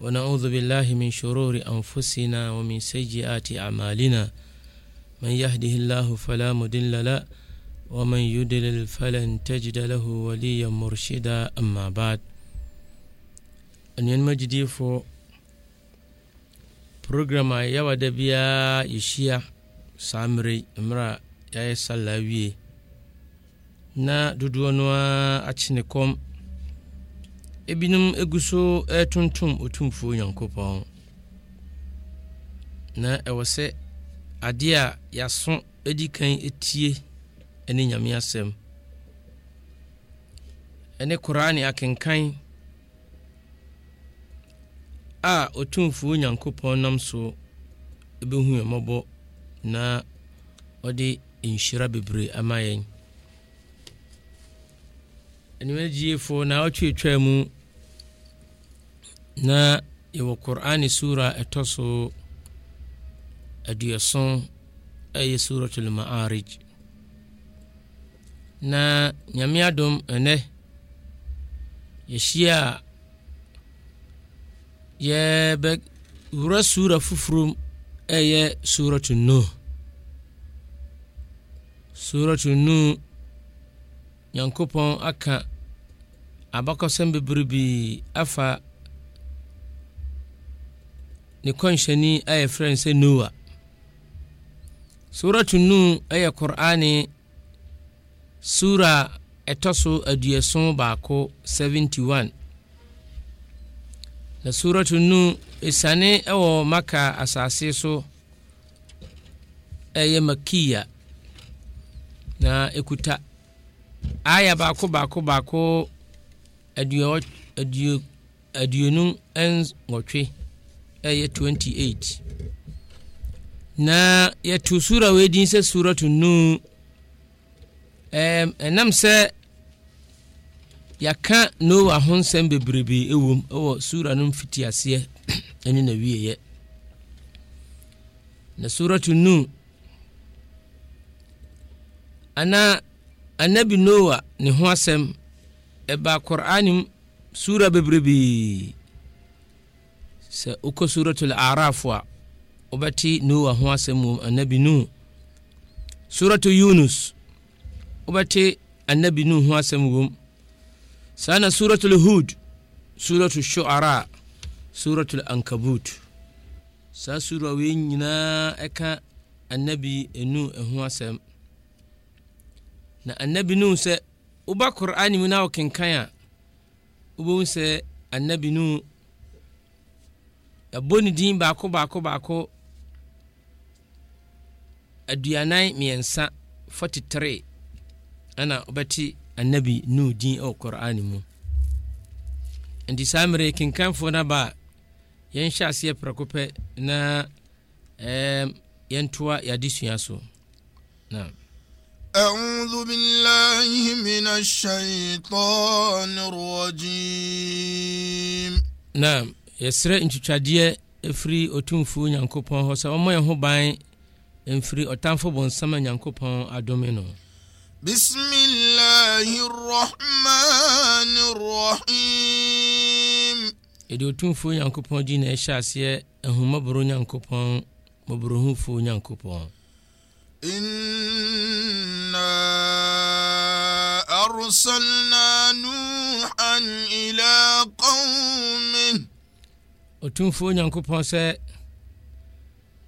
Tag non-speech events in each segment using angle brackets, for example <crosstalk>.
ونعوذ بالله من شرور أنفسنا ومن سيئات أعمالنا من يهده الله فلا مدل له ومن يدلل فلن تجد له وليا مرشدا أما بعد أن ينمجدي فو program a yɛwa da biara yɛhyia saa mmere mmerɛ a yɛayɛ sala wie na dodoɔ no ara akye ne kɔm ebinom egu so ɛtontom otumfuo nyankopɔn na ɛwɔ sɛ adeɛ a y'aso edi kan etie ɛne nyame asɛm ɛne koraa akenkan a otumfuo nyankopɔn nam so ɛbɛhu yɛn mmɔbɔ na ɔde nhyira bebree ama yɛn anwuma fo na wɔtwetwaa mu na yɛwɔ qur'ane sura ɛtɔ so aduɔson ɛyɛ suratul ma'arij na nyame adom ɛnɛ yɛhyia a yɛbɛwura sura foforom ɛyɛ suratul nuh suratul nuh nyankopɔn aka abakɔsɛm bii afa ne kɔnhyɛni a yɛfrɛ no sɛ noa suratu nu ɛyɛ kur'ani sura ɛtɔ so aduason baako 71 na suratu nu ɛsiane ɛwɔ maka asase so ɛyɛ makiya na ɛkuta aya baako baako baako aduonum nwɔtwe ɛyɛ 28 na yɛto sura wei din sɛ suratu nu ɛnam sɛ yɛaka noa ho nsɛm bebrebee ɛwom ɛwɔ sura no mfiti aseɛ <clears throat> ɛne na wieɛ na suratu nu ana anabi noa ne ho asɛm ɛba e qur'anim sura bebrebee sɛ wokɔ suratul araf a wobɛte noa ho asɛm wom annabi nu suratu yunus wobɛte annabi nu ho asɛm wom saa na suratul hud suratu shuara suratul ankabut saa sura wei nyinaa ɛka e annabi enu ɛho e asɛm na annabi nu sɛ woba qur'ani mu na kenkan a wobɛhu sɛ annabi no yɛbɔ ne din baako baako baako aduanan mmiɛnsa 43 ana wobɛte annabi no din ɛwɔ qur'ani mu nti saa mmerɛ kenkanfoɔ no ba a yɛnhyɛ aseɛ prɛko pɛ na yɛntoa yɛadesua so na أعوذ بالله من الشيطان الرجيم نعم yɛsrɛ otu ɛfiri ɔtumfuo nyankopɔn hɔ sɛ ɔmmɔ yɛn ho ban mfiri ɔtamfo bonsam a nyankopɔn adome no bismillahirrahmanirrahim ɛde ɔtumfuo nyankopɔn din na ɛhyɛ aseɛ ahumaboro nyankopɔn mɔborohufoɔ nyankopɔn إنا أرسلنا نوحا إلى قومه أتون فون ينكو بانسا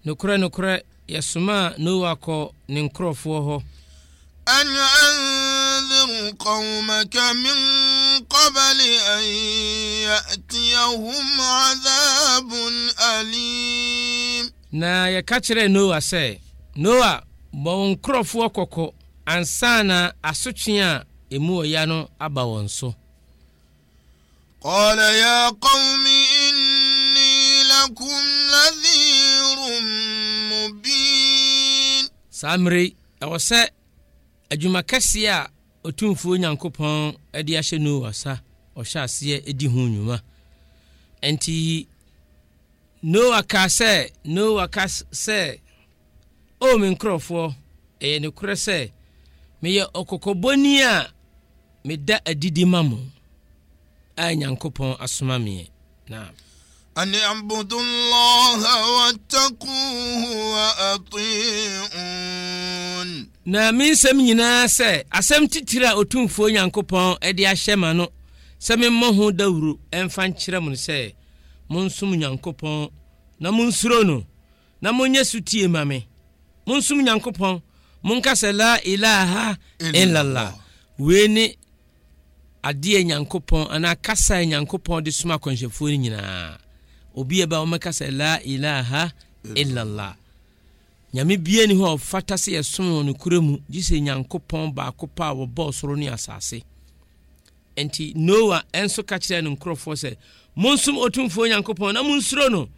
نكرا نكرا يسمى نوكو ننكرا فوهو أن أنذر قومك من قبل أن يأتيهم عذاب أليم نا يكاتر نوى سي نوى ma wo nkurɔfoɔ kɔkɔ asotwe a ɛmu ɔya no aba wɔn so قال يا قوم إني لكم نذير مبين سامري ɛwɔ sɛ adwuma kɛseɛ a ɔtumfuo nyankopɔn de ahyɛ no wɔ sa ɔhyɛ aseɛ di ho o oh, me nkurɔfoɔ ɛyɛ ne korɛ sɛ meyɛ ɔkɔkɔbɔni a meda adidi ma mo a nyankopɔn asoma meɛ na أن اعبدوا الله واتقوه وأطيعون na me nsɛm nyinaa sɛ asɛm titiri a ɔtumfuo nyankopɔn ɛde ahyɛ ma no sɛ memmɔ ho dawuro ɛmfa nkyerɛ mo no sɛ monsom nyankopɔn na monsuro no na monyɛ so tie ma monsom nyankopɔn monka la ilaha illallah wei ne adeɛ nyankopɔn anaa kasa nyankopɔn de soma akwanhyɛfoɔ no nyinaa obi ɛba wɔmɛka sɛ la ilaha illallah nyame bia ni hɔ a ɔfata sɛ yɛsom wɔ nokora mu gye sɛ nyankopɔn baako pa a wɔbɔɔ soro ne asase nti noa ɛnso ka kyerɛ no nkurɔfoɔ sɛ monsom otumfoɔ nyankopɔn na monsuro no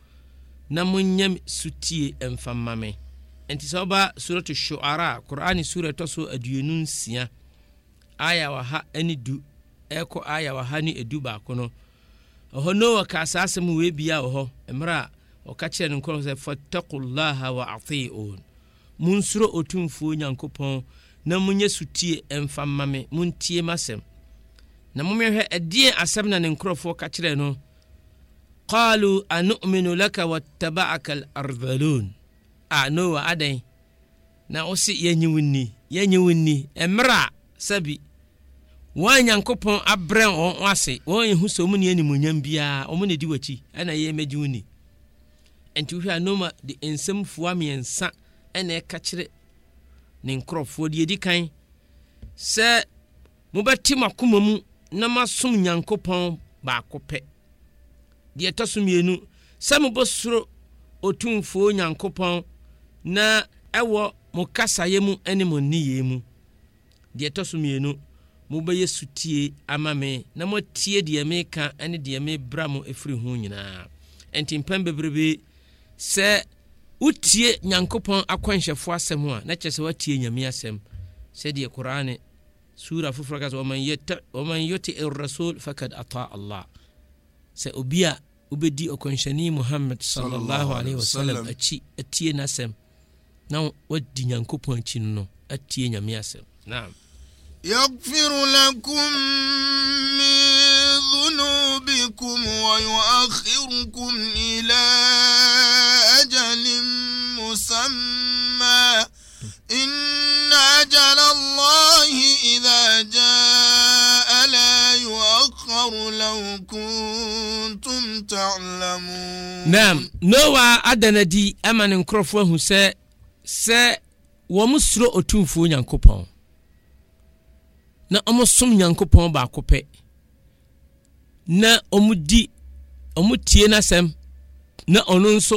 na monyɛ sutie ɛmfa mma me nti sɛ woba suratu shuara qur'ane sura ɛtɔ so aduonu nsia aya waha ne du ɛkɔ aya waha ne edu baako no ɛhɔ noa ka saa asɛm wei bia wɔ hɔ mmerɛ a ɔka kyerɛ no nkorɔ sɛ fattakullaha wa atiun monsuro otumfuo nyankopɔn na monyɛ sutie ɛmfa mma me montie masɛm na mommɛhwɛ ɛdeɛn asɛm na ne nkurɔfoɔ ka kyerɛ no qalu anu'minu laka wattaba'aka al a noa adɛn na wose yɛnye wo nni yɛnye wo nni mmerɛ a sɛbi wɔn nyankopɔn abrɛ wɔn ase wɔn ehu sɛ wɔn ne animuonyam biara wɔn na di wɔkyi ɛna yɛn mɛgye wo ni nti wohwɛ a noma de nsɛm fua mmiɛnsa ɛna ɛka kyerɛ ne nkurɔfoɔ deɛ edi kan sɛ mobɛte mo akoma mu na masom nyankopɔn baako pɛ deɛ ɛtɔ so mmienu sɛ mobɛsoro otumfuo nyankopɔn na ɛwɔ mo kasaeɛ mu ne mo nniyɛ mu deɛ ɛtɔ so mmienu mobɛyɛ sutie ama me na moatie deɛ meka ne deɛ mebra mo ɛfiri ho nyinaa ɛnti mpɛn bebrebe sɛ wotie nyankopɔn akwanhyɛfoɔ asɛm a na kyerɛ sɛ woatie nyame asɛm sɛdeɛ korane sura foforɔ ka sɛ waman yuti rasul fakad ata allah sɛ obi a wobɛdi ɔkwanhyɛne muhammad sallallahu alaihi wasallam akyi atie n'asɛm na wadi nyankopɔn akyi no no atie nyame asɛm naam يغفر لكم من ذنوبكم ويؤخركم إلى أجل مسمى إن أجل الله إذا جاء لا يؤخر لو كنتم تعلمون نعم نوى أدنا دي أمن كرفوه سأ sɛ wɔn suro otumfuo nyankopɔn na wɔn som nyankopɔn baako pɛ na wɔn di wɔn tie n'asɛm na ɔno nso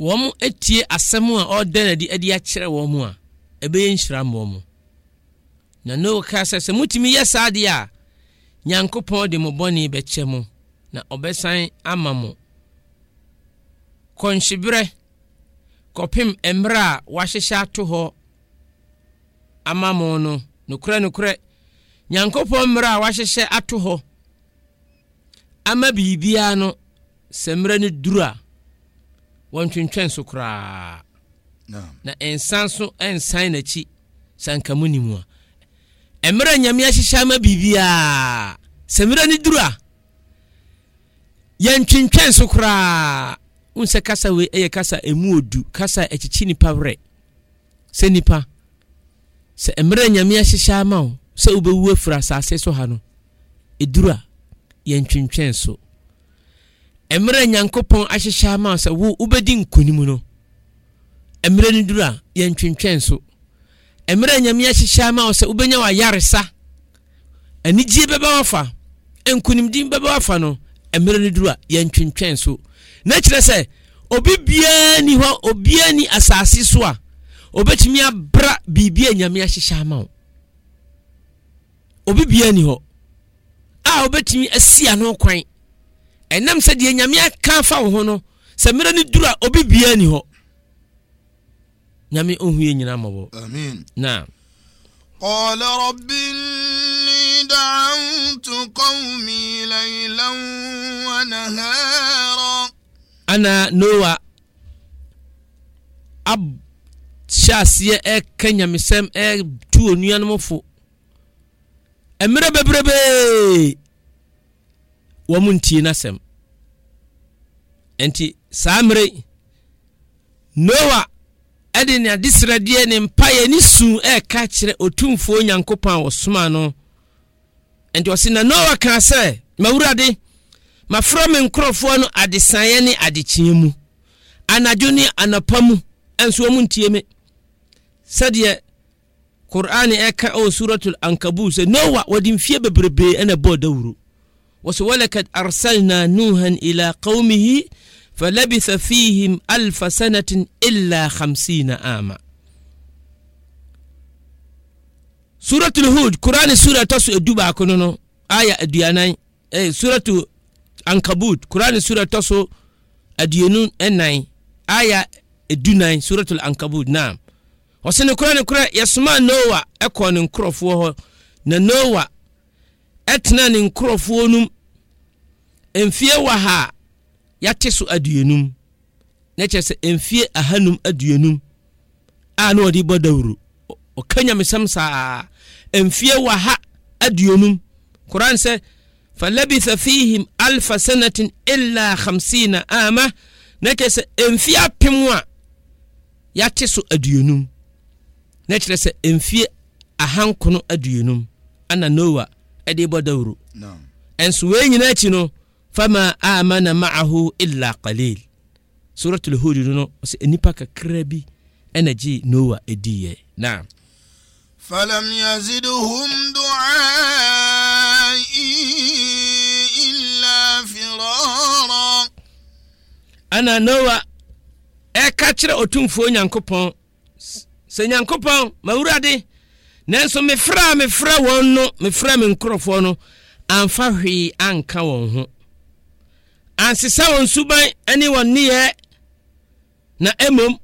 wɔn tie asɛm a ɔredan n'adi adi akyerɛ wɔn a ɛbɛyɛ nhyira ma wɔn na noa sɛ sɛ mutumi yɛ saa adeɛ a nyankopɔn de mo bɔne bɛkyɛ mo na ɔbɛsan ama mo kɔnhyeberɛ kɔpem mmerɛ a wahyehyɛ ato hɔ ama mo no nokorɛ nokorɛ nyankopɔn mmerɛ a wahyehyɛ ato hɔ ama biribiara no sɛ mmerɛ no duru a wɔntwentwɛn so koraa na nsan so nsan n'akyi sanka mu ni mu a mmerɛ nyame ahyehyɛ ama biribiara sɛ mmerɛ no duru a yɛntwentwɛn so koraa n kasa wei ɛyɛ kasa emu odu kasa ɛkyekyi nipa werɛ sɛ nipa sɛ mmerɛ nyame ahyehyɛ ama wo sɛ wobɛwu afiri asase so ha no ɛduru a yɛntwentwɛn so mmerɛ nyankopɔn ahyehyɛ ama wo sɛ wo wobɛdi nkonim no mmerɛ no duru a yɛntwentwɛn so mmerɛ nyame ahyehyɛ ama wo sɛ wobɛnya wayaresa anigye bɛbɛ wafa nkonimdin bɛbɛ wafa no mmerɛ no duru a yɛntwentwɛn so na kyerɛ sɛ obi biara ni hɔ obiara ni asase so a obetumi abra biribi a nyame ahyehyɛ ama wo obi biara ni hɔ a obetumi asi ano kwan ɛnam sɛ deɛ nyame aka fa wo ho no sɛ mmerɛ no duru a obi biara ni hɔ nyame yɛ nyinaa mmɔbɔ na قال رب إني دعوت قومي ليلا ونهارا ana noa ahyɛ aseɛ ɛka e e nyamesɛm ɛtu onuanom fo mmerɛ bebrebee wɔm ntie n'asɛm nti saa mmerɛ noa ɛde e ne adesradeɛ ne mpaeɛ ne su ɛka kyerɛ otumfuo nyankopɔn a wɔsoma no nti ɔsi na noa kaa sɛ mawurade mafrɛ me nkurɔfoɔ no adesaeɛ ne adekyeɛ mu anadwo ne anapa mu ɛnso ɔmu ntie me sɛdeɛ qur'an ɛka ɛwɔ suratul ankabut sɛ noa wɔde mfie bebrebee ɛna bɔɔ dawuro wɔsɛ walakad arsalna nuhan ila qaumihi falabitha fihim alfa sanatin illa hamsina ama suratul hud qur'an sura ɛtɔ so ɛdu baako no no aya aduanan eh, ankabut kurane sura tɔ so aduonu ɛnan aya edunan suratul ankabut naam ɔsɛ ne kora ne noa ɛkɔ ne nkurɔfoɔ hɔ na noa ɛtena ne nkurɔfoɔ nom mfie wɔ ha a so aduonum na kyerɛ sɛ mfie ahanum aduonum a na ɔde bɔ dawuro ɔka nyamesɛm saa mfie wɔ ha aduonum koran sɛ فلبث فيهم ألف سنة إلا خمسين آمة نكرة سي انفي أبموا ياتي سو أديونم نكرة سي انفي أهانكونو أديونم أنا نوى أدي بدورو نعم أنسو وين ناتي فما آمن معه إلا قليل suratul hud no sɛ nnipa kakra bi ɛna gye noa ɛdiiɛ na falam yazidhum duaa إلا فرارا أنا نوى ɛka kyerɛ ɔtumfuo nyankopɔn sɛ nyankopɔn mawurade nanso mefrɛ a mefrɛ wɔn no mefrɛ me nkurɔfoɔ no amfa hwee anka wɔn ho ansesa wɔn suban ne wɔn nneyɛɛ na mmom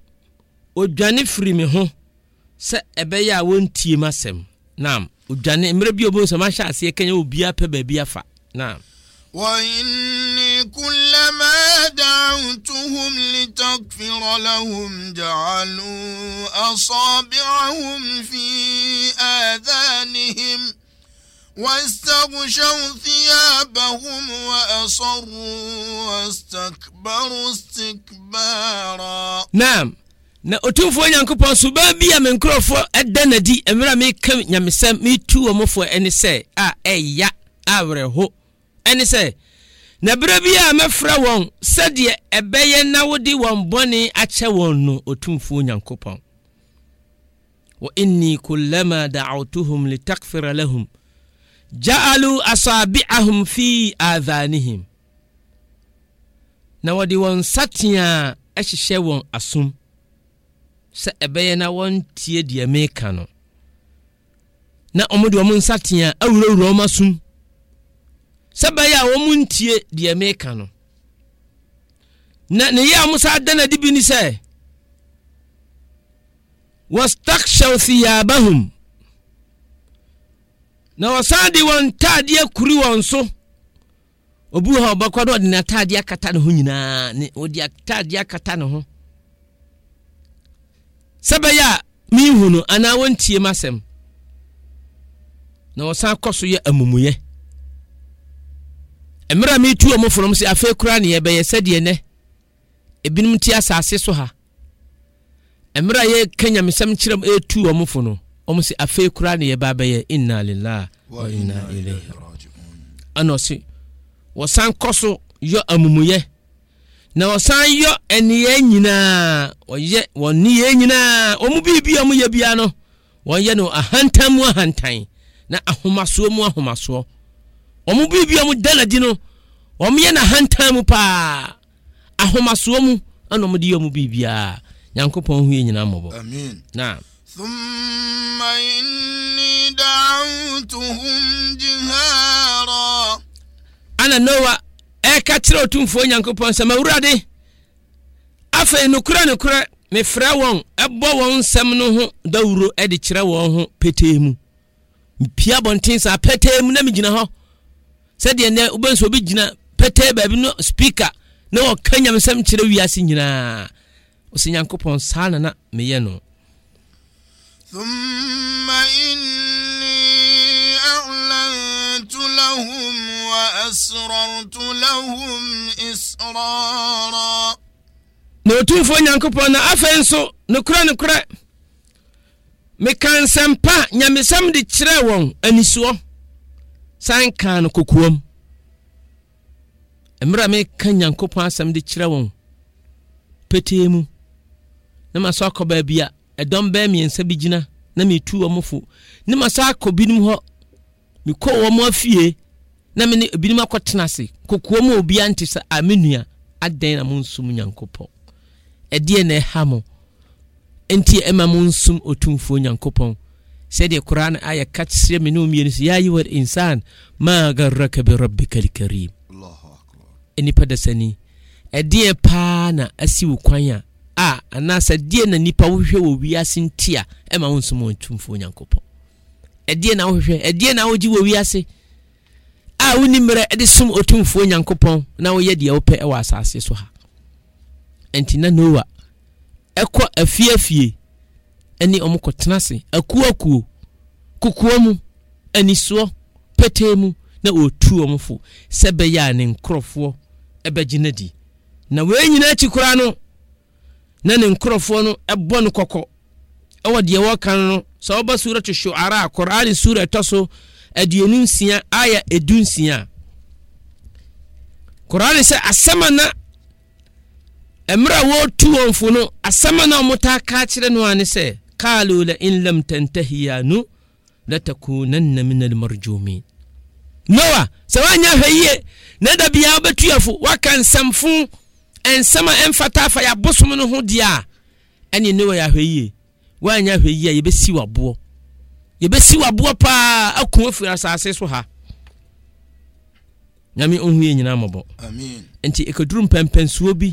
odwane firi me ho sɛ ɛbɛyɛ a wɔntie asɛm nam odwane mmerɛ bi obɛhu sɛ mahyɛ aseɛ kanya obia pɛ baabi afa na وإني كلما دعوتهم لتغفر لهم جعلوا أصابعهم في آذانهم واستغشوا ثيابهم وأصروا واستكبروا استكبارا نعم na otumfoɔ nyankopɔn so baa bi a me nkurɔfoɔ ɛda nadi mmerɛ a meka nyamesɛm metu wɔ ɛne sɛ a ɛya awerɛho ɛne sɛ na berɛ bi a mɛfrɛ wɔn sɛdeɛ ɛbɛyɛ na wode wɔn bɔne akyɛ wɔn no otumfoɔ nyankopɔn wa inni kullama da'awtuhum litakfira lahum ja'alu asabi'ahum fi adhanihim na wɔde wɔn nsateaa ɛhyehyɛ wɔn asom sɛ ɛbɛyɛ na wɔntie deɛ meka no na ɔmo de ɔmo nsa tea awurawura ɔmo asum sɛ bɛyɛ a ɔmo ntie deɛ meka no na ne yɛ a ɔmo saa da na di bi ni sɛ wɔstakhyɛw thiyaabahum na wɔsan de wɔn ntaadeɛ kuri wɔn so obi hɔ ɔbɛkɔ no ɔde n'ataadeɛ akata ne ho nyinaa ne ɔde ataadeɛ akata ne ho sɛ bɛyɛ a mehu no anaa wɔntie m asɛm na wɔsan kɔ so yɛ amumuyɛ mmerɛ a metu ɔmo fonom sɛ afei koraa neɛ bɛyɛ sɛdeɛ nɛ ebinom te asase so ha mmerɛ a yɛka nyamesɛm kyerɛm ɛtu ɔmo fo no sɛ afei koraa neɛ ba bɛyɛ inna lillah wa inna ilaihi ɛna ɔse wɔsan kɔ so yɛ amumuyɛ na ɔsan yɔ ɛniyɛ nyinaa ɔyɛ wɔn niyɛ nyinaa wɔn biribi a wɔyɛ bia no wɔyɛ no ahantan mu ahantan na ahomasoɔ mu ahomasoɔ wɔn biribi a wɔda n'adi no wɔyɛ no ahantan mu paa ahomasoɔ mu ɛna wɔde yɛ wɔn biribiara nyankopɔn ho yɛ nyinaa mmɔbɔ na. ثم إني دعوتهم جهارا أنا نوى ɛka kyerɛ otumfuo nyankopɔn sɛ mawurade afei nokorɛ nokorɛ mefrɛ wɔn ɛbɔ wɔn nsɛm no ho dawuro de kyerɛ wɔn ho petee mu mpia bɔnten saa petee mu na megyina hɔ sɛdeɛ nɛ wobɛhu sɛ obi gyina petee baabi no speaker na wɔka nyamsɛm kyerɛ wiase nyinaa ɔsɛ nyankopɔn saa nana meyɛ no ثم إني أعلنت لهم na otumfoɔ nyankopɔn na afei nso nokorɛ nokorɛ meka nsɛmpa nyamesɛm de kyerɛɛ wɔn anisoɔ san kaa no kokoam mmerɛ a meka nyankopɔn asɛm de kyerɛ wɔn petee mu na ma so akɔ baabi a ɛdɔm bɛɛ mmiɛnsa bi gyina na metu wɔ mo fo ne ma so akɔ binom hɔ mekɔ wɔ mo afie na mene ebinom akɔtena ase kokoɔ mu obia nte sɛ amenua ah, adɛn na mo nsom nyankopɔn ɛdeɛ na ɛha mo nti ɛma mo nsom otumfuo nyankopɔn sɛdeɛ koraa no ayɛ ka kyerɛ me ne ɔmmienu sɛ ya yiwa insan ma garraka bi rabbika alkarim e, nnipa da sani ɛdeɛ paa na asi wo kwan a a anaasɛ deɛ na nipa wohwɛ wɔ wiase nti a ɛma wo nsom otumfuo nyankopɔn ɛdeɛ na wohwehwɛ ɛdeɛ na wogye wɔ wiase a woni mmerɛ de som otumfuo nyankopɔn na woyɛ deɛ wopɛ wɔ asase so ha ɛnti na noa ɛkɔ afiefie ɛne ɔmo kɔtena ase akuokuo kukuo mu anisoɔ petee mu na ɔtu ɔmo fo sɛ bɛyɛ a ne nkorɔfoɔ ɛbɛgye di na wei nyinaa akyi koraa no na ne nkorɔfoɔ no ɛbɔ no kɔkɔ ɛwɔ deɛ wɔka no no sɛ wɔba sura to shuara koraa ne sura ɛtɔ so aduonu nsia ayɛ edu nsia koraa ne sɛ asɛm a na mmerɛ a wɔretu wɔn fo no asɛm a na wɔtaa ka kyerɛ no a ne sɛ kaalu la in lam tantahi anu latakunanna min almarjumin noa sɛ woanyɛ hwɛ yie na da biara wobɛtuafo woaka nsɛmfo nsɛm a ɛmfata afa yɛabosom no ho deɛ a ɛne noa yɛahwɛ yie woanyɛ hwɛ yie a yɛbɛsi waboɔ yɛbɛsi waboɔ paa ako afiri asase so ha nyame ɔhu yɛ nyinaa mmɔbɔ nti ɛkɔduru mpɛmpɛnsuo bi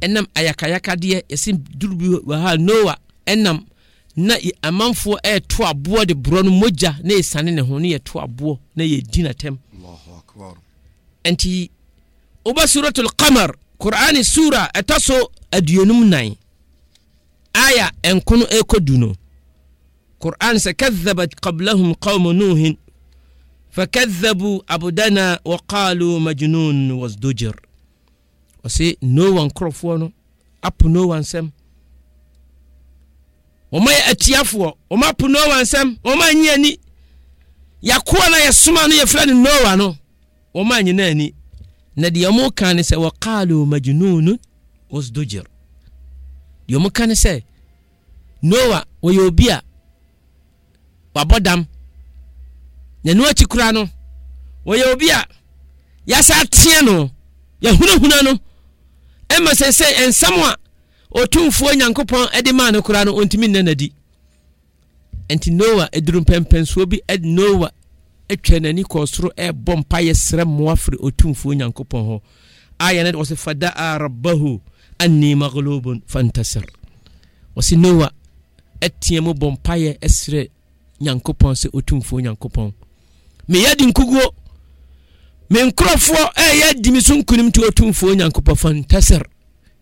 ɛnam ayakayakadeɛ yɛsi duru bi wɔ ha noa ɛnam na amanfoɔ ɛɛto aboɔ de borɔ no mogya na ɛsane ne ho ne yɛto aboɔ na yɛdi natɛm nti woba suratul qamar qur'ane sura ɛtɔ so aduonum nan aya ɛnko ɛkɔdu no قرآن سكذبت قبلهم قوم نوح فكذبوا عبدنا وقالوا مجنون وازدجر وسي نو وان كروفونو اب نو وان سم وما ياتيافو وما اب نو وان سم وما نياني يا كوانا يا سمانو يا فلان نو وانو وما نياني ندي يمو كان سي وقالوا مجنون وازدجر يمو كان سي نو ويوبيا wabɔ dam na ɛno akyi kora no wɔyɛ obi a yɛasa teɛ no yɛhunahuna no ɛma sɛ sɛ nsɛm a ɔtumfuo nyankopɔn de maa no kora no ɔntumi nna nadi nti noa aduru mpɛmpɛnsoɔ bi noa atwa n'ani kɔɔ soro ɛrebɔ mpayɛ srɛ mmoa firi ɔtumfuo nyankopɔn hɔ ayɛ no de wɔsɛ fadaa rabbahu anni maglubun fantasir wɔse noa ɛteɛ mu bɔ mpayɛ ɛsrɛ nyankopɔn sɛ ɔtumfuo nyankopɔn meyɛ di nkuguo me nkurɔfoɔ ɛyɛ eh, di me so nkunim nti ɔtumfuo nyankopɔn fantaser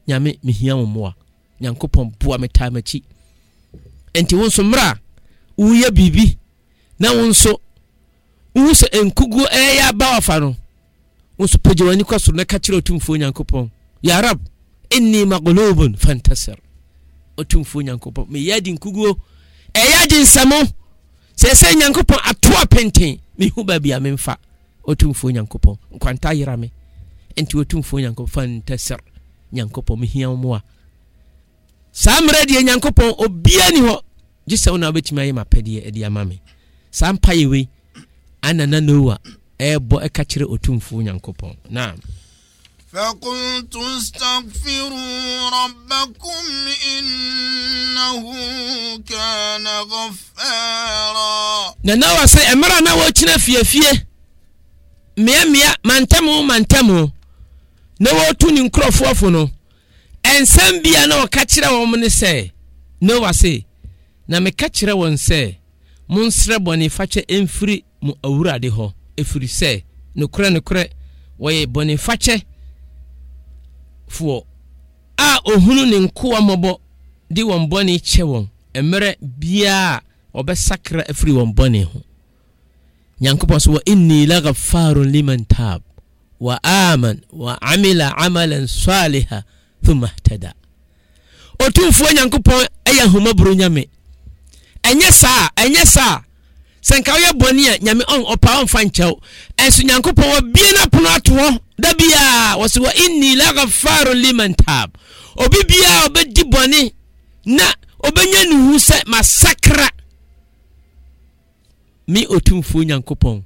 nyame mehia wo mmoa nyankopɔn boa me taa m'akyi enti wo nso mmerɛ a woyɛ biribi na wo nso wohu sɛ nkuguo ɛyɛ eh, aba wafa no wo nso pagya w'ani kɔ soro na ka kyerɛ ɔtumfuo nyankopɔn ya rab inni maglubun fantaser ɔtumfuo nyankopɔn meyɛ di nkuguo ɛyɛ di nsɛmo sɛsɛ nyankopɔn atoa penten mehu baabi a memfa ɔtumfuo nyankopɔn nkwanta yera me nti ɔtumfuo nyankopɔn fantasir nyankopɔn mehia wo saa mmerɛ deɛ nyankopɔn obia ni hɔ gye sɛ wo na wobɛtumi ayɛ mapɛdeɛ adi ama me saa mpayɛwei anana noa ɛɛbɔ ɛka kyerɛ ɔtumfuo nyankopɔn naam فقلت استغفروا ربكم إنه كان غفارا نانا واسي امرا نا وچنا فيه فيه ميا ميا مانتمو مانتمو na wɔtu ne nkurɔfoɔ fo no ɛnsɛm bia na ɔka kyerɛ wɔn ne sɛ na wase na meka kyerɛ wɔn sɛ monsrɛ bɔne fakyɛ ɛmfiri mo awurade hɔ ɛfiri sɛ nokorɛ nokorɛ wɔyɛ bɔne fakyɛ foɔ a ohunu ne nkoa mmɔbɔ de wɔn bɔne kyɛ wɔn mmerɛ biara a ɔbɛsakra afiri wɔn bɔne ho nyankopɔn so wɔ inni lagafarun liman tab wa aman wa amila amalan saliha thumma ihtada ɔtumfuo nyankopɔn ɛyɛ ahomaboro nyame ɛnyɛ saa ɛnyɛ saa sɛ nka woyɛ bɔne a nyame ɔpa ɔmfa nkyɛw ɛnso nyankopɔn wɔbie no apono ato hɔ da biaa wɔ se wɔ inni lagafaro liman tab obi biaa ɔbɛdi bɔne na ɔbɛnya ne hu sɛ masakra me ɔtumfuo nyankopɔn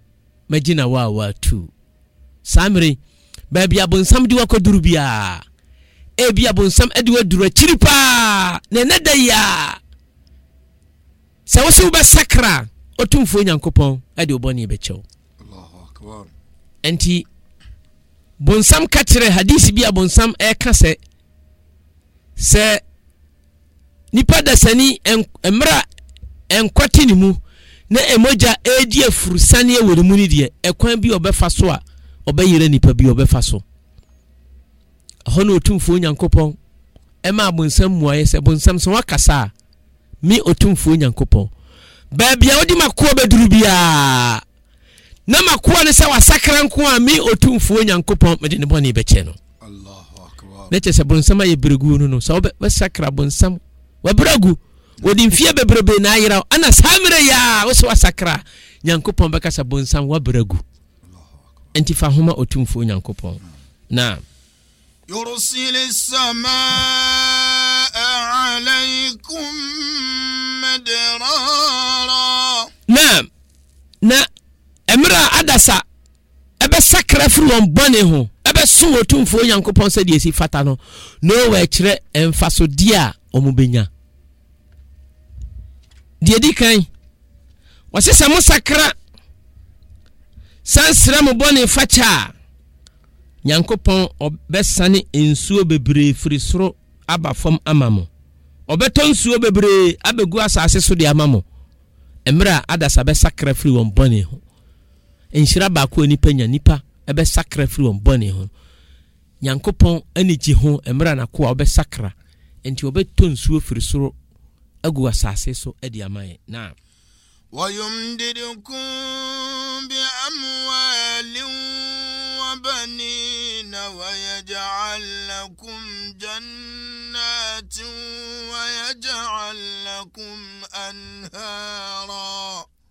magyina wo a woatu saa mmere baabi abonsam de wakɔduru biaa ebi abonsam de waduru akyiri paa na ɛnɛ da yi a sɛ wo se wobɛsakra a ɔtumfuo nyankopɔn ɛde wo bɔne bɛkyɛw ɛnti bonsam ka kyerɛ hadise bi a bonsam ɛka sɛ sɛ nipa dasani mmerɛ ɛnkɔte ne mu na ɛmogya ɛredi afurusane wɔ ne mu no deɛ ɛkwan bi ɔbɛfa so a ɔbɛyerɛ nipa bi ɔbɛfa so ɛhɔ na ɔtumfuo nyankopɔn ɛma bonsam mmuaeɛ sɛ bonsam sɛ woakasa a me ɔtumfuo nyankopɔn baabi a wode makoa bɛduru biara na makoa no sɛ wasakra nko a me ɔtumfuo nyankopɔn mede ne bɔne bɛkyɛ no na kyɛ sɛ bonsam ayɛ berɛgu no no sɛ wobɛsakra bonsam wabrɛ gu wɔde mfie bebrebe na ayera ana saa mmerɛ yɛa wo sɛ wasakra nyankopɔn bɛka sɛ bonsam wabrɛ gu ɛnti fa homa ɔtumfuo nyankopɔn na يرسل السماء عليكم أدرارا نعم na mmerɛ a adasa ɛbɛsakra firi wɔn bɔne ho ɛbɛso wɔ tumfuo nyankopɔn sɛdeɛ ɛsi fata no na ɔwɔ akyerɛ mfasodeɛ a wɔn bɛnya deɛ di kan wɔsi sɛ mo sakra sansira mo bɔne fakyɛ a nyankopɔn ɔbɛsane nsuo bebree firi soro aba fam ama mo ɔbɛtɔ nsuo bebree abɛgu asase so de ama mo mmerɛ a adasa bɛsakra firi wɔn bɔne ho nhyira baako a nipa nya nipa bɛsakra firi wɔn bɔne ho nyankopɔn ani gye ho mmerɛ a nako a ɔbɛsakra nti ɔbɛtɔ nsuo firi soro agu asase so de ama yɛ na ويمددكم بأموال وبنين ويجعل لكم جنات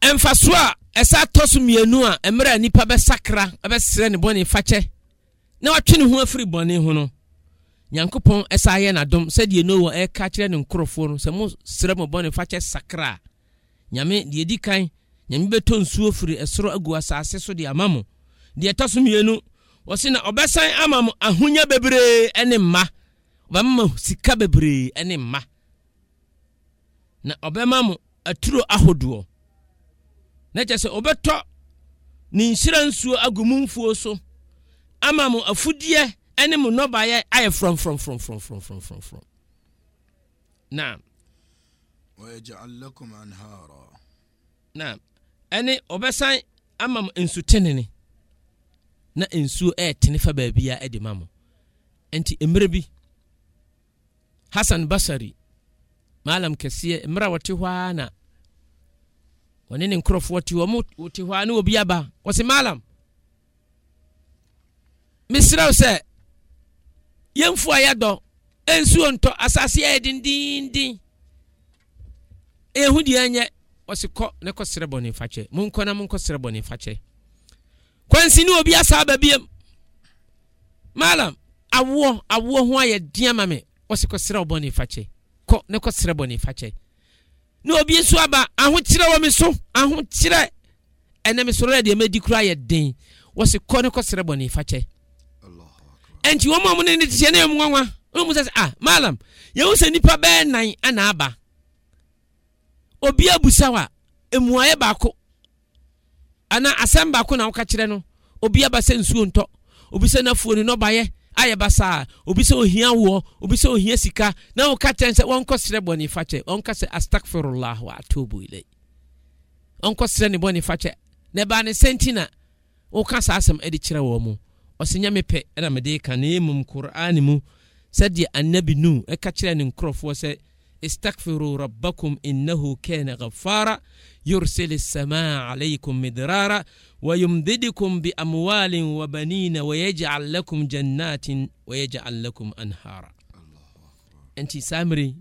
ɛmfaso a ɛsɛ atɔ so mmienu a mmerɛ a nnipa bɛsakra bɛsrɛ ne bɔne fakyɛ na watwe ne ho afiri bɔne ho no nyankopɔn ɛsa ayɛ n'adom sɛdeɛ noa ɛka kyerɛ ne nkurɔfoɔ no sɛ mo srɛ mo bɔne fakyɛ sakra a nyame deɛ di kan nyame bɛtɔ nsuo firi ɛsoro agu asase so de ama mo deɛ ɛtɔ so mmienu wɔse na ɔbɛsan ama mo ahonya bebree ne mma ɔbɛma mo sika bebree ne mma na ɔbɛma mo aturo ahodoɔ na kyerɛ sɛ ɔbɛtɔ ne nhyira nsuo agu mu mfuo so ama mo afudeɛ ne mo nnɔbaeɛ ayɛ frɔmfrɔmfrɔmfrɔmfrɔmfrɔmfrɔm na na ɛne ɔbɛsan ama mo nsutenene na nsuo ɛyɛ tene fa baabia de ma mo nti mmerɛ bi hassan basari malam kɛseɛ mmerɛ wɔte hɔ ara na wɔne ne nkurɔfoɔ te wɔ te hɔ a ne obi aba wɔse malam mesrɛ wo sɛ yɛmfu a yɛdɔ ɛnsuo ntɔ asase a ɛdendenden ɛhu deɛ nyɛ wɔse kɔ ne kɔserɛ bɔne fakyɛ monkɔ na monkɔserɛ bɔne fakyɛ kwansi ne obi asaa babiam malam awoɔ awoɔ ho ayɛ deɛ ma me wɔsi kɔsrɛ bɔne fa kyɛ kɔ ne kɔsrɛ bɔne fa kyɛ na obi nso aba ahokyerɛ wɔ me so ahokyerɛ ɛnɛ me sɔrɔ deɛ mɛdi kura yɛ den wɔsi kɔ ne kɔsrɛ bɔne fa kyɛ ɛnti wɔn a wɔn ne tiɛ ne yɛ mu nwanwa wɔn mu sɛ ah maalam yɛn ho sɛ nipa bɛyɛ nan ɛna aba obi abusa wa emuayɛ baako ana asɛm baako na wɔka kyerɛ no obi aba sɛ nsuo ntɔ obi sɛ n'afuoni n'ɔbayɛ. No ayɛ basaa obi sɛ ohia woɔ obi sɛ ohia sika na woka kyɛn sɛ wɔnkɔ serɛ bɔne fakyɛ ɔnka sɛ astagfirullah wa atubu ilai ɔnkɔ serɛ ne bɔne fakyɛ na ɛbaa ne sɛ nti na woka saa asɛm de kyerɛ wɔ mu ɔsɛ nyɛ mepɛ ɛna mede ka na ɛmmom kor'ane mu sɛdeɛ annabi nu ɛka kyerɛ ne nkurɔfoɔ sɛ استغفروا ربكم إنه كان غفارا يرسل السماء عليكم مدرارا ويمددكم بأموال وبنين ويجعل لكم جنات ويجعل لكم أنهارا أنت سامري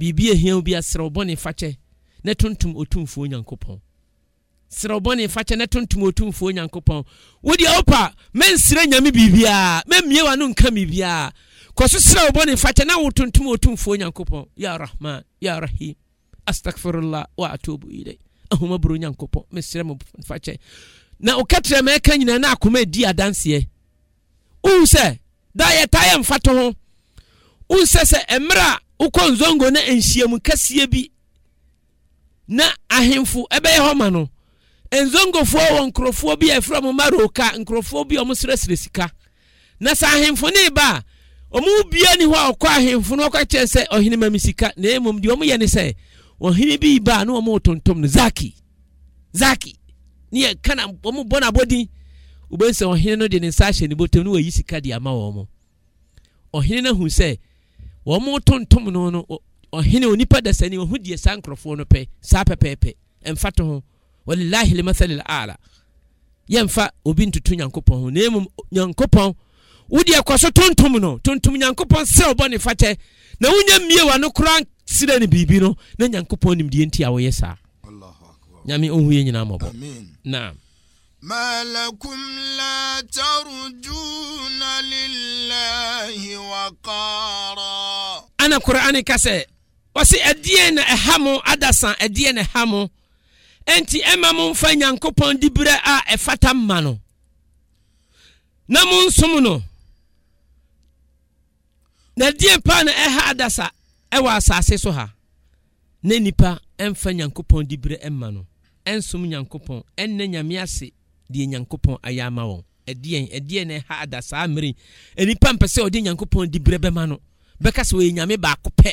biribi ehia obi a serɛ bɔne fakyɛ na tontom otumfuo nyankopɔn serɛ bɔne fakyɛ na tontom otumfuo nyankopɔn wodeɛ wopa mensrɛ nyame biribiaa memmie wa no nka biribiaa kɔ so sra wo bɔne fakyɛ na wotontom ɔtumfoɔ nyankopɔn ya rahman ya rahim astagfirullah wa atubu ilai ahoma boro nyankopɔn mesrɛ mo fakyɛ na woka kyerɛ ma ɛka na akoma adi adanseɛ wohu sɛ da yɛta yɛ mfato ho wohu sɛ sɛ ɛmmerɛ a wokɔ nzongo na nhyiamu kɛseɛ bi na ahemfo ɛbɛyɛ hɔ ma no nzongofoɔ wɔ nkurɔfoɔ bi a ɛfrɛ mo maroka nkurɔfoɔ bi ɔmo serɛserɛ sika na sɛ ahemfo ne ba a ɔmo bia ni hɔ a ɔkɔ ahemfo no ɔkɔ kyerɛ sɛ ɔhene ma mi sika na mmom deɛ ɔmo yɛ ne sɛ ɔhene bi ba na ɔmo tontom no zaki zaki ne yɛ kana ɔmo bɔ n'abɔdin wobɛn sɛ ɔhene no de ne nsa ahyɛ ne bɔtɔm no wɔyi sika de ama wɔn ɔhene no hu sɛ wɔn tontom no no ɔhene onipa dasani ɔho deɛ saa nkurɔfoɔ no pɛ saa pɛpɛɛpɛ ɛmfa to ho wɔlilahi lemathalil ala yɛmfa obi ntutu nyankopɔn ho na mmom nyankopɔn wodeɛ kɔ so tontom no tontom nyankopɔn sɛ wobɔ ne fakyɛ na wonya mmie wa no koraa srɛ no biribi no na nyankopɔn nimdeɛ nti a woyɛ saa nyame ɔhu yɛ nyinaa mmɔbɔ naam ما لكم لا ترجون لله وقارا أنا قرآن كسي وسي أدين أهامو أدسان أدين أهامو أنت أما منفن ينكو بندبرا أفتم منو نمون سمنو na deɛ paa na ɛha adasa ɛwɔ asase so ha na nipa ɛmfa nyankopɔn de berɛ ɛma no ɛnsom nyankopɔn ɛnnɛ nyame ase deɛ nyankopɔn ayɛ ama wɔn ɛdeɛn ɛdeɛn na ɛha ada saa mmere nipa mpɛ sɛ ɔde nyankopɔn de berɛ bɛma no bɛka sɛ ɔyɛ nyame baako pɛ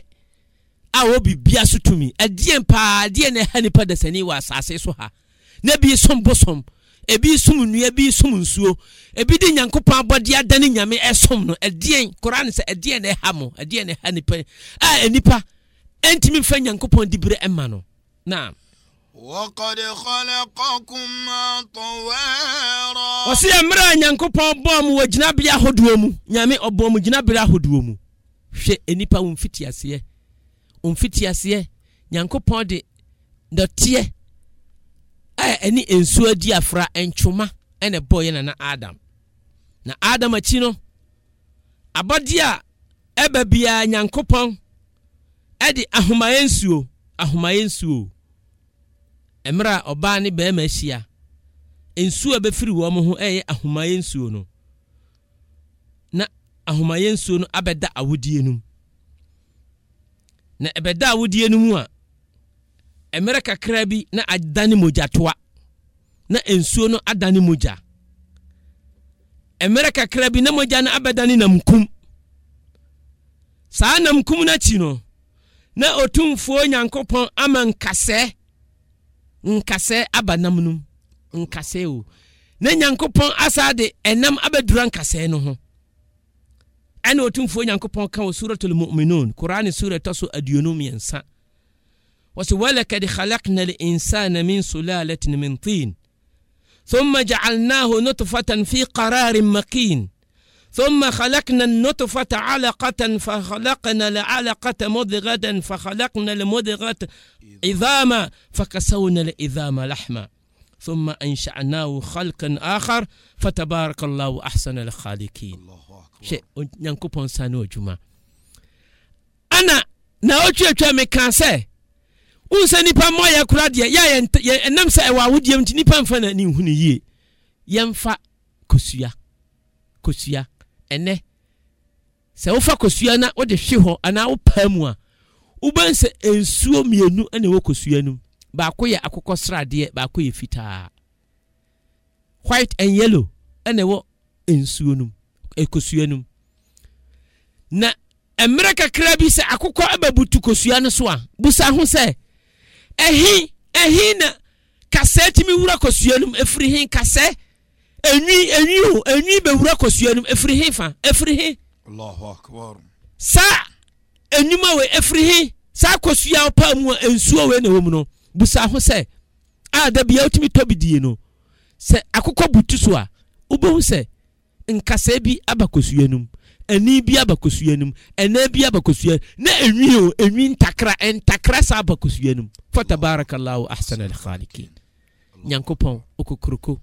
a wɔ biribia so tumi ɛdeɛn paa ɛdeɛn na ɛha nipa dasani wɔ asase so ha na bi som bosom ebi sum nnua ebi sum nsuo ebi de nyankopɔn abɔde adane nyame ɛsom no ɛdeɛn koraa sɛ ɛdeɛn na ɛha mo ɛdeɛn na ɛha nipa a nipa ɛntumi mfa nyankopɔn dibere ɛma no na. wɔkɔde kɔlɛ kɔkuma tɔwɛrɔ. wɔsi mmerɛ nyankopɔn bɔɔ mu wɔ gyinabea ahodoɔ mu nyame ɔbɔɔ mu gyinabea ahodoɔ mu hwɛ nipa wɔn fiti aseɛ wɔn fiti aseɛ nyankopɔn de dɔteɛ a ɛne nsuo adi afra ntwoma ɛna ɛbɔɔ yɛ nana adam na adam akyi no abɔdeɛ a ɛba biara nyankopɔn ɛde ahomayɛ nsuo ahomayɛ nsuo mmerɛ a ɔbaa ne barima ahyia nsuo a bɛfiri wɔn ho ɛyɛ ahomayɛ nsuo no na ahomayɛ nsuo no abɛda awodie no mu na ɛbɛda awodie no mu a mmerɛ kakra bi na adane mogya toa na nsuo no adane mogya mmerɛ kakra bi na mogya no abɛdane namkum saa namkum no akyi no na otumfuo nyankopɔn ama nkasɛɛ nkasɛɛ aba nam no nkasɛɛ o na nyankopɔn asa de ɛnam abɛdura nkasɛɛ no ho ɛna otumfuo nyankopɔn ka wɔ suratul mu'minun koraa ne sura ɛtɔ so aduonu mmiɛnsa ولقد خلقنا الإنسان من سلالة من طين ثم جعلناه نطفة في قرار مكين ثم خلقنا النطفة علقة فخلقنا العلقة مضغة فخلقنا المضغة عظاما فكسونا العظام لحما ثم أنشأناه خلقا آخر فتبارك الله أحسن الخالقين شيء نكون سانو جماعة أنا نوجه otu otu wosɛ nipa mmɔ yɛ kora deɛ yɛ yɛ ɛnam sɛ ɛwɔ awodeɛ mu nti nipa mfa na ne nhunu yie yɛmfa kosua kosua ɛnɛ sɛ wofa kosua na wode hwe hɔ anaa wopaa mu a wobɛn sɛ nsuo mmienu na ɛwɔ kosua no baako yɛ akokɔ sradeɛ baako yɛ fitaa white and yellow e na ɛwɔ nsuo no mu no na mmerɛ kakra bi sɛ akokɔ ababutu kosua no so a busa ho sɛ ɛhin ɛhin na kasɛɛ tumi wura kosua no mu efiri hin kasɛɛ enwi enwi ho enwi bɛwura kosua no mu efiri hin fa efiri hin saa enwuma wei efiri hin saa kosua paa mu a nsuo wei na ɛwɔ mu no busa ho sɛ a dabi a otumi tɔ bi die no sɛ akokɔ butu so a wobɛhu sɛ nkasɛɛ bi aba kosua no ɛni bi abakosua nim ɛnɛ bi abakosua na enwi o enwi ntakra ntakra saa abakosua nim fatabarakallahu ahsan alkhalikin nyankopɔn okokoroko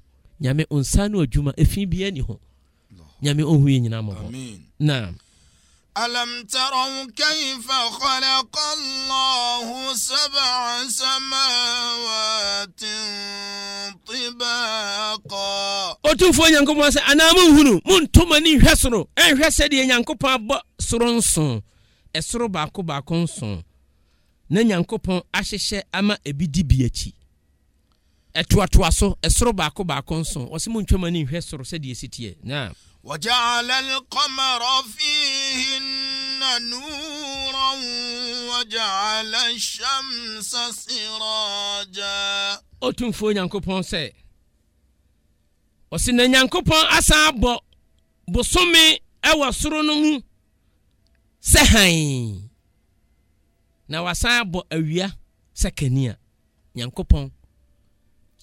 nyame onsa no adwuma efi bi ho nyame ohun yi nyinaa ma hɔ naam. ألم تروا كيف خلق الله سبع سماوات طباقا ɔtumfoɔ nyankopɔn sɛ anaa monhunu montoma ne nhwɛ soro ɛnhwɛ sɛdeɛ nyankopɔn abɔ soro nson ɛsoro baako baako nson na nyankopɔn ahyehyɛ ama ebi di bi akyi ɛtoatoa so ɛsoro baako baako nson ɔsɛ montwama ne nhwɛ soro sɛdeɛ ɛsi teɛ naa وجعل القمر فيهن نورا وجعل الشمس سراجا ɔtumfuo nyankopɔn sɛ ɔsi na nyankopɔn asan abɔ bosome ɛwɔ soro no mu sɛ hann na wasan abɔ awia sɛ kanea nyankopɔn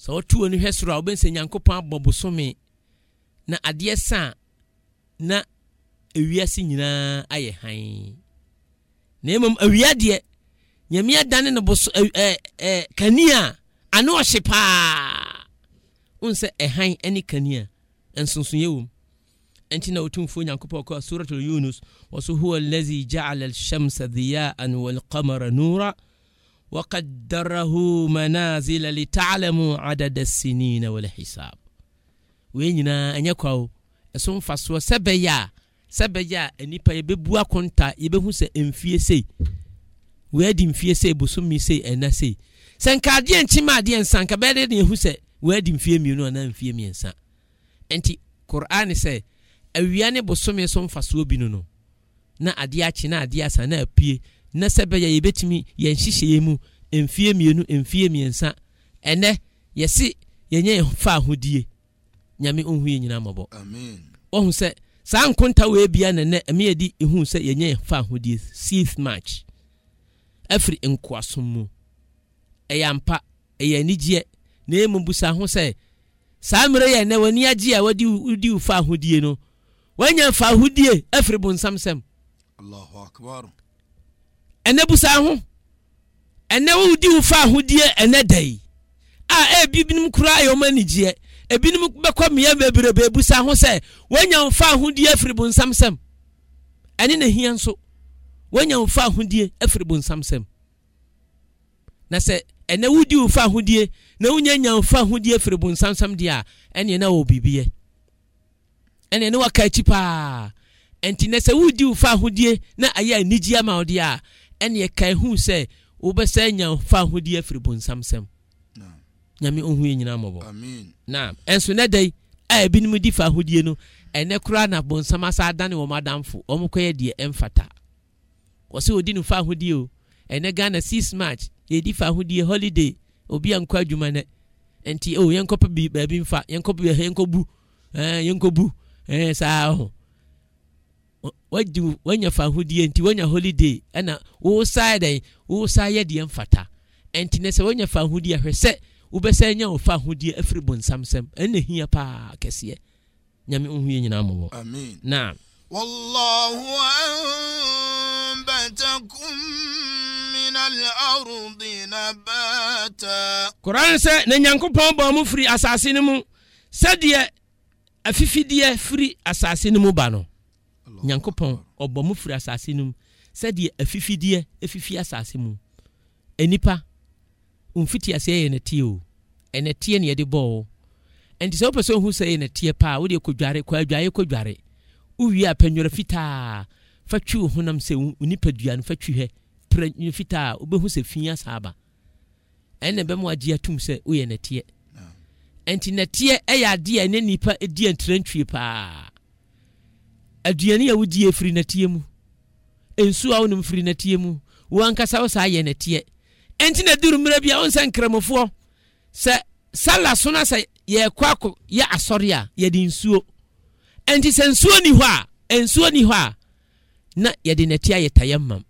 sɛ wotu wɔ no hwɛ soro a wobɛn sɛ nyankopɔn abɔ bosome na adeɛ sa na ewiase nyinaa ayɛ hann na emom awia deɛ nyame adane no boso ɛ ɛ kanea ano ɔhye paa wɔn sɛ ɛhan ne kanea nsonsoyɛ wɔm ɛnti na otumfuo nyankopɔn kɔ suratul yunus wɔso huwa allazi ja'ala alshamsa diya'an walqamara nura وقدره منازل لتعلموا عدد السنين والحساب وين أن يكوى ɛso mfasoɔ sɛ bɛyɛ a sɛ bɛyɛ a nipa yɛ bɛbu akɔnta yɛ bɛhu sɛ mfie sei wɔadi mfie sei bosomi sei ɛna sei sɛ nka adeɛ nkyi ma adeɛ nsa nka bɛyɛ de yɛhu sɛ wɔadi mfie mmienu anaa mfie mmiɛnsa nti koran sɛ awia ne bosomi so mfasoɔ bi no no na adeɛ akyi na adeɛ asa na apue na sɛ bɛyɛ yɛbɛtumi yɛn hyehyɛ mu mfie mmienu mfie mmiɛnsa ɛnɛ yɛsi yɛnyɛ yɛn fa ahodie nyame ɔnhu yɛ nyinaa mmɔbɔ ɔhu sɛ saa nkonta wei bia nɛnɛ ɛme yɛdi ɛhu sɛ yɛnyɛ yɛfa ahodie seath march afiri nkoasom mu ɛyɛ ampa ɛyɛ anigyeɛ na ɛmu busa ho sɛ saa mmerɛ yɛ nɛ w'ani agye a wadi wodi fa ahodie no wanya fa ahodie afiri bonsam sɛm ɛnɛ busa ho ɛnɛ wodi fa ahodie ɛnɛ dɛi a ɛbibinom koraa yɛ ɔma anigyeɛ ebinom bɛkɔ mmea bebree beebusa ho sɛ wɔnya nfa ahodie afiri bonsamsɛm ɛne ne hia nso wɔnya nfa ahodie afiri bonsamsɛm na sɛ ɛnɛ wodi nfa ahodie na wonya nya nfa ahodie afiri bonsamsɛm deɛ a ɛneɛ na wɔ biribiɛ ɛneɛ ne waka akyi paa ɛnti na sɛ wodi nfa ahodie na ayɛ anigye ama wo deɛ a ɛneɛ ka ehu sɛ wobɛsɛ nya nfa ahodie afiri bonsamsɛm nyame ɔhu yɛ nyinaa mmɔbɔ na ɛnso nɛ dɛn a ebinom di fa ahodie no ɛnɛ koraa na bonsam asa adane wɔn adamfo wɔn kɔyɛ deɛ ɛmfata wɔsɛ odi no fa ahodie o ɛnɛ ghana six march yɛdi fa ahodie holiday obi a nkɔ adwuma nɛ nti o oh, yɛn kɔpɛ bi baabi nfa yɛn kɔpɛ yɛn kɔbu ɛɛ yɛn kɔbu ɛɛ saa ho wadi wanya fa ahodie nti wanya holiday ɛna wosan dɛn wosan yɛ deɛ mfata nti ne sɛ wanya fa ahodie ahwɛ sɛ wobɛsɛ nya wo fa ahodeɛ afiri bonsamsɛm ɛnna hia paa kɛseɛ nyame wohu yɛ nyinaa mmɔbɔ na والله أنبتكم من الأرض نباتا قرآن سي نيانكو بومبو مفري أساسي نمو سدي أفيفي دي فري أساسي نمو بانو نيانكو بوم أبو مفري أساسي نمو sɛdeɛ afifideɛ afifi asase mu enipa mfiti aseɛ yɛ nɛteɛ o ɛnɛteɛ ne yɛde bɔɔ ɛnti sɛ wopɛ sɛ ohu sɛ yɛ nɛteɛ paa wode kɔdware kɔadwae kɔdware wowie a pɛ nnwera fitaa fa twi wo honam sɛ wo nipadua no fa twi hɛ prɛ nwera fitaa wobɛhu sɛ fi asa aba ɛnna bɛma wagye atom e sɛ woyɛ nɛteɛ ɛnti nɛteɛ ɛyɛ adeɛ a ɛne nipa e di ntirantwie paa e aduane a wodie firi nɛteɛ mu nsuo a wonom firi nɛteɛ mu wo wankasa wo saa yɛ nɛteɛ ɛnti na duru mmerɛ bia wonsɛ nkramofoɔ sɛ sala so na sɛ yɛkɔ akɔ yɛ asɔre a yɛde nsuo ɛnti sɛ nsuo ni hɔ a e nsuo ni hɔ a na yɛde nɛteɛ ayɛ tayɛ mam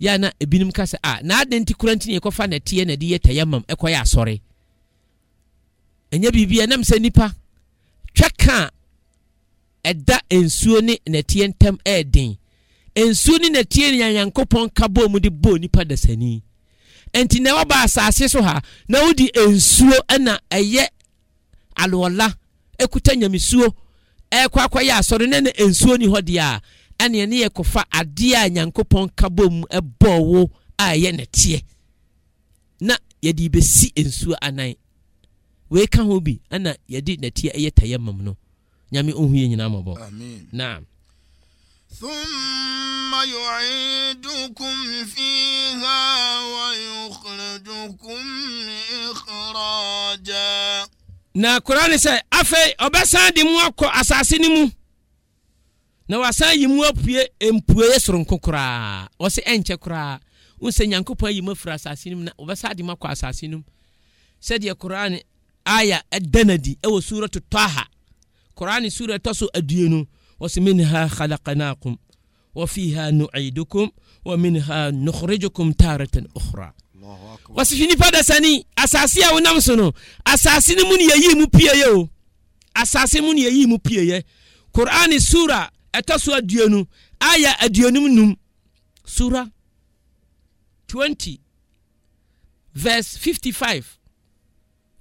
yɛ na ebinom ka sɛ a na adɛn nti kora nti na yɛkɔfa nɛteɛ na de yɛ tayɛ ɛkɔ yɛ asɔre ɛnyɛ biribi ɛnam sɛ nipa twɛ ka a ɛda nsuo ne nɛteɛ ntam ɛɛden nsuo ne nɛteɛ ne yanyankopɔn ka bɔɔ mu de bɔɔ nipa dasani nti na ɛwɔba asase so ha na wodi nsuo ɛna ɛyɛ alɔla ekuta nyamusuo ɛkɔ akɔyɛ asɔre na na nsuo ni hɔ deɛ a ɛna ɛne yɛ kɔfa adeɛ a nyankopɔn kaba mu ɛbɔ wo a ɛyɛ nɛteɛ na yɛde besi nsuo anan wei ka ho bi ɛna yɛde nɛteɛ ɛyɛ tɛyɛ mam no nyame ohu yɛ nyinaa mɔbɔ naam ثم يعيدكم فيها ويخرجكم إخراجا na koraa ne sɛ afei ɔbɛsan de mu akɔ asase no mu na wasan yi mu apue mpueɛ soronko koraa ɔsɛ ɛnkyɛ koraa wohu sɛ nyankopɔn ayi mu afiri asase no mu na wɔbɛsan de mu akɔ asase no mu sɛdeɛ koraa aya ɛda no adi ɛwɔ sura totɔ aha sura ɛtɔ so adue no wasi minha khalaqnakum wa fiha nu'idukum wa minha nukhrijukum taratan ukhra wasi fini pada sani asase a wonam so no asase no mu ne yayi mu pieye o asase mu ne yayi mu pieye qur'ani sura ɛtɔ so aduonu aya aduonum num sura 20 verse 55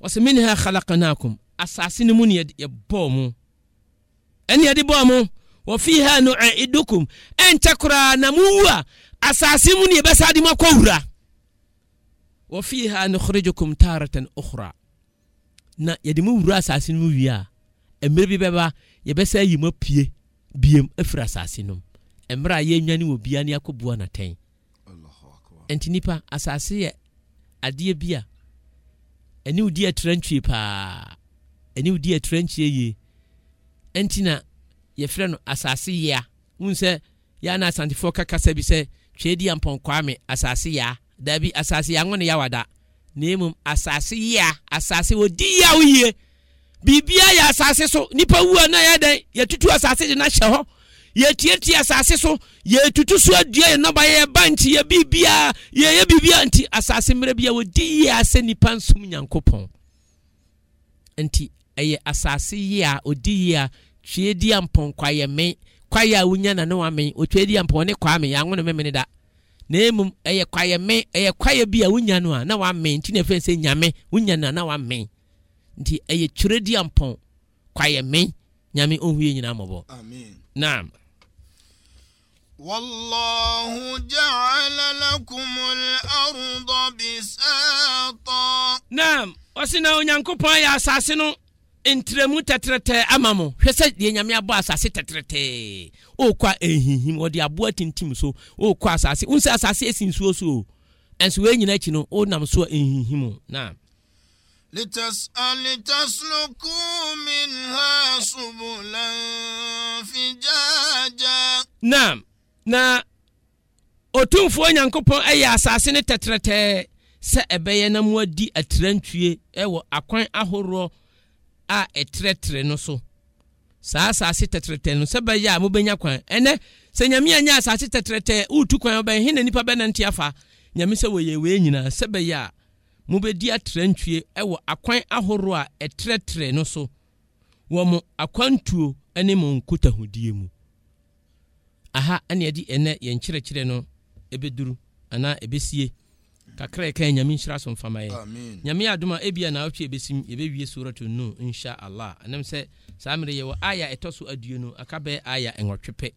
wɔsɛ minha khalaqnakum asase no mu ne yɛbɔɔ mu ɛne yɛde bɔɔ mo wɔ wɔfiha no idukum ɛnkyɛ koraa na mowu a asase mu ne yɛbɛsa de mu akɔ wura wɔ wɔfiha nukhrijukum taratan ukhra na yɛde mu wura asase no mu wie a mmerɛ bi bɛba yɛbɛsa yi mu apue biem afiri asase no mmerɛ a yɛnwane wɔ bia ne akɔboa natɛn ɛnti nipa asase yɛ adeɛ bi a ɛne wodi atrantwie paa ɛne wodi atrantwie yie ɛnti na yɛfrɛ no asase yea hu sɛ yɛa na asantefoɔ kakasa bi sɛ twɛ di ampɔnkwaa me asase yea daabi asase yea ŋo ne yɛawada na mmom asase yea asase wɔdi yea wo biribia yɛ asase so nipa wu a na yɛ dɛn yɛtutu asase de no hyɛ hɔ yɛtiatia asase so yɛtutu so adua yɛ nɔba yɛ ba nti yɛ biribia yɛyɛ biribia nti asase mmerɛ bia wɔdi yea sɛ nipa nsom nyankopɔn nti ɛyɛ asase yea ɔdi yea hwie di ampɔn kwayɛ me kwayɛ a wonya na ne wa me otwa di ampɔn ne kwa me yanwo ne me me da na emu ɛyɛ kwayɛ me ɛyɛ kwayɛ bi a wonya no a na wa me nti na fɛn sɛ nyame wonya na na wa me nti ɛyɛ twere di ampɔn kwayɛ me nyame ohue nyinaa mɔbɔ naam. والله جعل لكم الأرض بساطا نعم وسنا ونyanko pon ya asase ntrɛmu tɛtrɛtɛ ama mo hwɛ sɛ deɛ nyame abɔ asase tɛtrɛtɛ wokɔ a ɛhihim wɔde aboa tintim so okwa asase wo sɛ asase asi nsuo so o ɛnso wei nyina akyi no wonam so a na لتسلكوا منها سبلا فجاجا نعم na otumfuo nyankopɔn ɛyɛ asase no tɛtrɛtɛɛ sɛ ɛbɛyɛ na mu adi atirantwie ɛwɔ akwan a ɛtrɛtrɛ no so saa asase tɛtrɛtɛ no sɛ bɛyɛ a mobɛnya kwan ɛnɛ sɛ nyame anyɛ asase tɛtrɛtɛ wotu kwan wobɛn he na nnipa bɛnante afa nyame sɛ wɔyɛ wei nyinaa sɛ bɛyɛ a mobɛdi atrantwie ɛwɔ akwan ahoroɔ a ɛtrɛtrɛ no so wɔ mo akwantuo ne mo nkotahudie mu aha ɛne ɛde ɛnɛ yɛn kyerɛkyerɛ no ɛbɛduru anaa ɛbɛsie kakra ɛka nyame nhyira so mfama yɛ nyame adom a ebia na wotwe ɛbɛsim yɛbɛwie suratu nu insha allah ɛnam sɛ saa mmerɛ yɛwɔ aya ɛtɔ so aduo no aka bɛɛ aya ɛnwɔtwe pɛ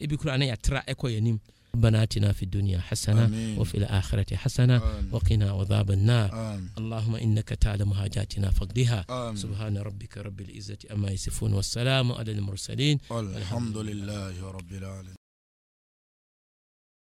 ebi kora na yɛatra ɛkɔ yɛnim ربنا اتنا في الدنيا حسنة آمين. وفي الآخرة حسنة آمين. وقنا عذاب النار آمين. اللهم إنك تعلم حاجاتنا فقدها آمين. سبحان ربك رب العزة أما يصفون والسلام على المرسلين والحمد لله رب العالمين